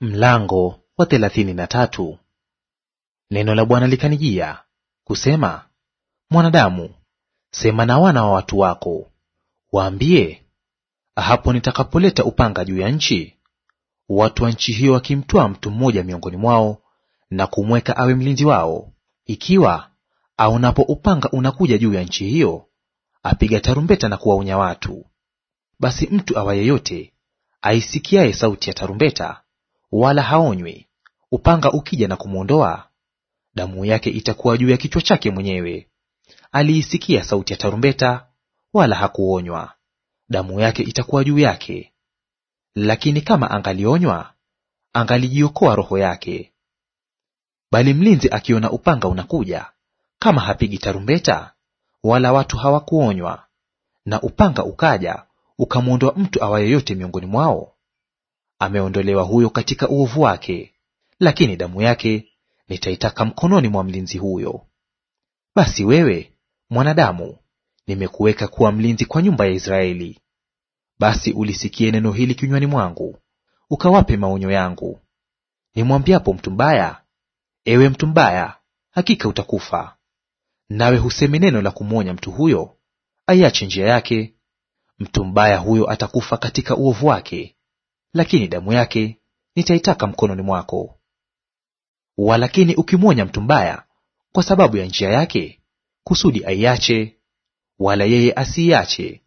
Mlango wa thelathini na tatu. Neno la Bwana likanijia kusema, mwanadamu, sema na wana wa watu wako, waambie, hapo nitakapoleta upanga juu ya nchi, watu wa nchi hiyo wakimtoa mtu mmoja miongoni mwao na kumweka awe mlinzi wao, ikiwa aonapo upanga unakuja juu ya nchi hiyo, apiga tarumbeta na kuwaonya watu, basi mtu awayeyote yote aisikiaye sauti ya tarumbeta wala haonywi; upanga ukija na kumwondoa, damu yake itakuwa juu ya kichwa chake mwenyewe. Aliisikia sauti ya tarumbeta, wala hakuonywa; damu yake itakuwa juu yake. Lakini kama angalionywa, angalijiokoa roho yake. Bali mlinzi akiona upanga unakuja, kama hapigi tarumbeta, wala watu hawakuonywa, na upanga ukaja ukamwondoa mtu awaye miongoni mwao, ameondolewa huyo katika uovu wake, lakini damu yake nitaitaka mkononi mwa mlinzi huyo. Basi wewe mwanadamu, nimekuweka kuwa mlinzi kwa nyumba ya Israeli. Basi ulisikie neno hili kinywani mwangu, ukawape maonyo yangu. Nimwambiapo mtu mbaya, ewe mtu mbaya, hakika utakufa, nawe huseme neno la kumwonya mtu huyo aiache njia yake, mtu mbaya huyo atakufa katika uovu wake, lakini damu yake nitaitaka mkononi mwako. Walakini ukimwonya mtu mbaya kwa sababu ya njia yake, kusudi aiache, wala yeye asiiache,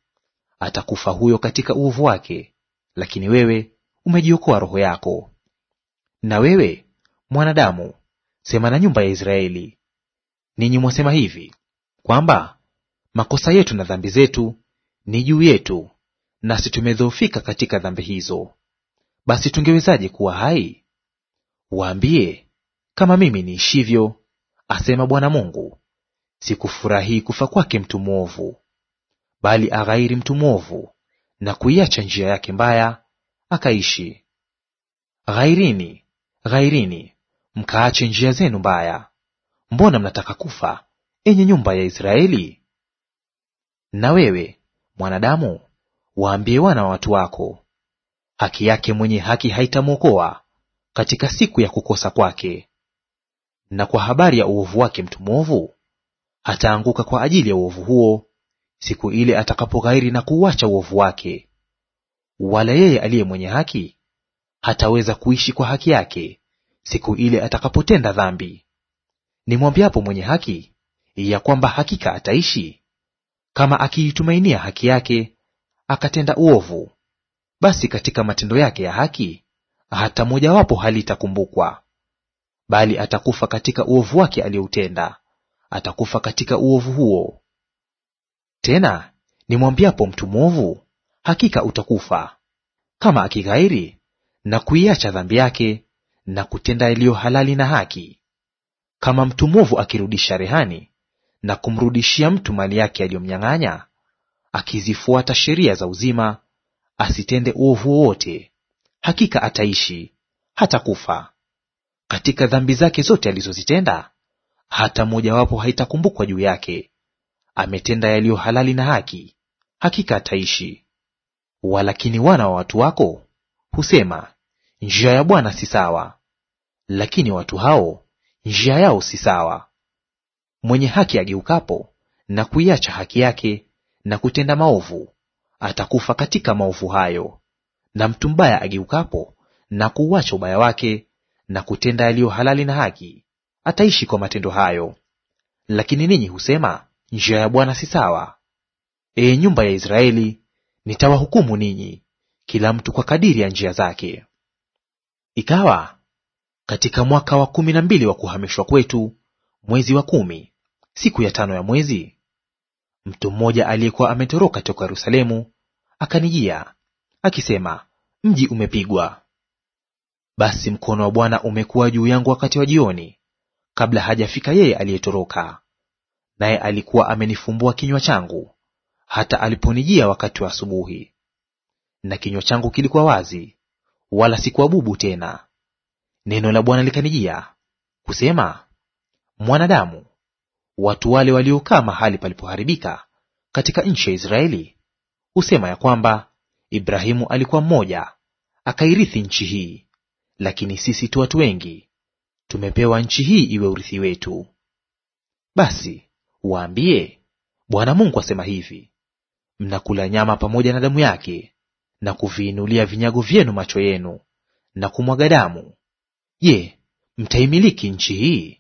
atakufa huyo katika uovu wake, lakini wewe umejiokoa roho yako. Na wewe mwanadamu, sema na nyumba ya Israeli, ninyi mwasema hivi kwamba makosa yetu na dhambi zetu ni juu yetu, nasi tumedhoofika katika dhambi hizo basi tungewezaje kuwa hai? Waambie, kama mimi niishivyo, asema Bwana Mungu, sikufurahii kufa kwake mtu mwovu, bali aghairi mtu mwovu na kuiacha njia yake mbaya akaishi. Ghairini, ghairini, mkaache njia zenu mbaya. Mbona mnataka kufa, enye nyumba ya Israeli? Na wewe mwanadamu, waambie wana wa watu wako haki yake mwenye haki haitamwokoa katika siku ya kukosa kwake. Na kwa habari ya uovu wake mtu mwovu, hataanguka kwa ajili ya uovu huo siku ile atakapoghairi na kuuacha uovu wake. Wala yeye aliye mwenye haki hataweza kuishi kwa haki yake siku ile atakapotenda dhambi. Nimwambiapo mwenye haki ya kwamba hakika ataishi, kama akiitumainia haki yake akatenda uovu, basi katika matendo yake ya haki hata mojawapo halitakumbukwa. Bali atakufa katika uovu wake aliyoutenda, atakufa katika uovu huo. Tena nimwambiapo mtu mwovu, hakika utakufa, kama akighairi na kuiacha dhambi yake na kutenda yaliyo halali na haki, kama mtu mwovu akirudisha rehani na kumrudishia mtu mali yake aliyomnyang'anya, akizifuata sheria za uzima asitende uovu wowote, hakika ataishi, hata kufa Katika dhambi zake zote alizozitenda, hata mojawapo haitakumbukwa juu yake. Ametenda yaliyo halali na haki, hakika ataishi. Walakini wana wa watu wako husema, njia ya Bwana si sawa. Lakini watu hao njia yao si sawa. Mwenye haki ageukapo na kuiacha haki yake na kutenda maovu, atakufa katika maovu hayo. Na mtu mbaya ageukapo na kuuacha ubaya wake na kutenda yaliyo halali na haki, ataishi kwa matendo hayo. Lakini ninyi husema, njia ya Bwana si sawa. Ee nyumba ya Israeli, nitawahukumu ninyi, kila mtu kwa kadiri ya njia zake. Ikawa katika mwaka wa kumi na mbili wa kuhamishwa kwetu, mwezi wa kumi, siku ya tano ya mwezi, mtu mmoja aliyekuwa ametoroka toka Yerusalemu akanijia akisema, mji umepigwa. Basi mkono wa Bwana umekuwa juu yangu wakati wa jioni, kabla hajafika yeye aliyetoroka. Naye alikuwa amenifumbua kinywa changu hata aliponijia wakati wa asubuhi, na kinywa changu kilikuwa wazi, wala sikuwa bubu tena. Neno la Bwana likanijia kusema, mwanadamu, watu wale waliokaa mahali palipoharibika katika nchi ya Israeli husema ya kwamba Ibrahimu alikuwa mmoja akairithi nchi hii, lakini sisi tu watu wengi tumepewa nchi hii iwe urithi wetu. Basi waambie, Bwana Mungu asema hivi, mnakula nyama pamoja na damu yake na kuviinulia vinyago vyenu macho yenu na kumwaga damu. Je, mtaimiliki nchi hii?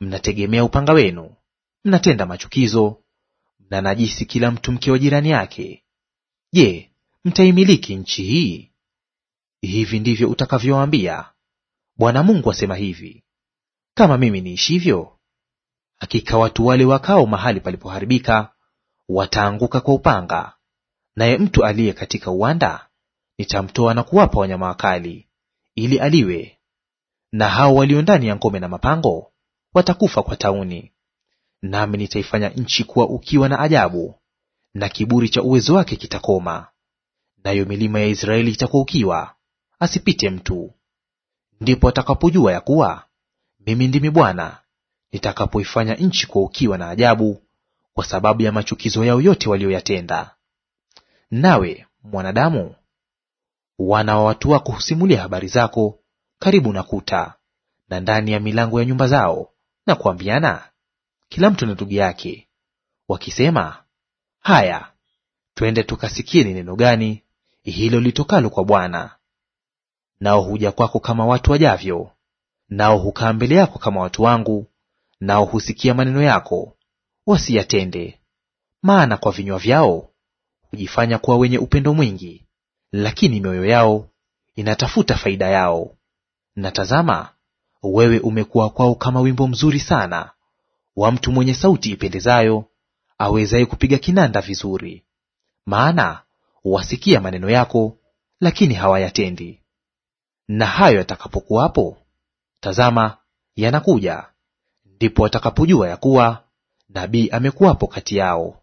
Mnategemea upanga wenu, mnatenda machukizo na najisi kila mtu mke wa jirani yake. Je, mtaimiliki nchi hii? Hivi ndivyo utakavyowaambia, Bwana Mungu asema hivi, kama mimi niishivyo, hakika watu wale wakao mahali palipoharibika wataanguka kwa upanga, naye mtu aliye katika uwanda nitamtoa na kuwapa wanyama wakali ili aliwe, na hao walio ndani ya ngome na mapango watakufa kwa tauni. Nami nitaifanya nchi kuwa ukiwa na ajabu, na kiburi cha uwezo wake kitakoma, nayo milima ya Israeli itakuwa ukiwa, asipite mtu. Ndipo atakapojua ya kuwa mimi ndimi Bwana nitakapoifanya nchi kuwa ukiwa na ajabu, kwa sababu ya machukizo yao yote walioyatenda. Nawe mwanadamu, wana wa watu wako husimulia habari zako karibu na kuta na ndani ya milango ya nyumba zao, na kuambiana, kila mtu na ndugu yake, wakisema, haya twende tukasikie ni neno gani hilo litokalo kwa Bwana. Nao huja kwako kama watu wajavyo, nao hukaa mbele yako kama watu wangu, nao husikia maneno yako, wasiyatende. Maana kwa vinywa vyao hujifanya kuwa wenye upendo mwingi, lakini mioyo yao inatafuta faida yao. Na tazama, wewe umekuwa kwao kama wimbo mzuri sana, wa mtu mwenye sauti ipendezayo, awezaye kupiga kinanda vizuri. Maana wasikia maneno yako, lakini hawayatendi. Na hayo yatakapokuwapo, tazama, yanakuja, ndipo watakapojua ya kuwa nabii amekuwapo kati yao.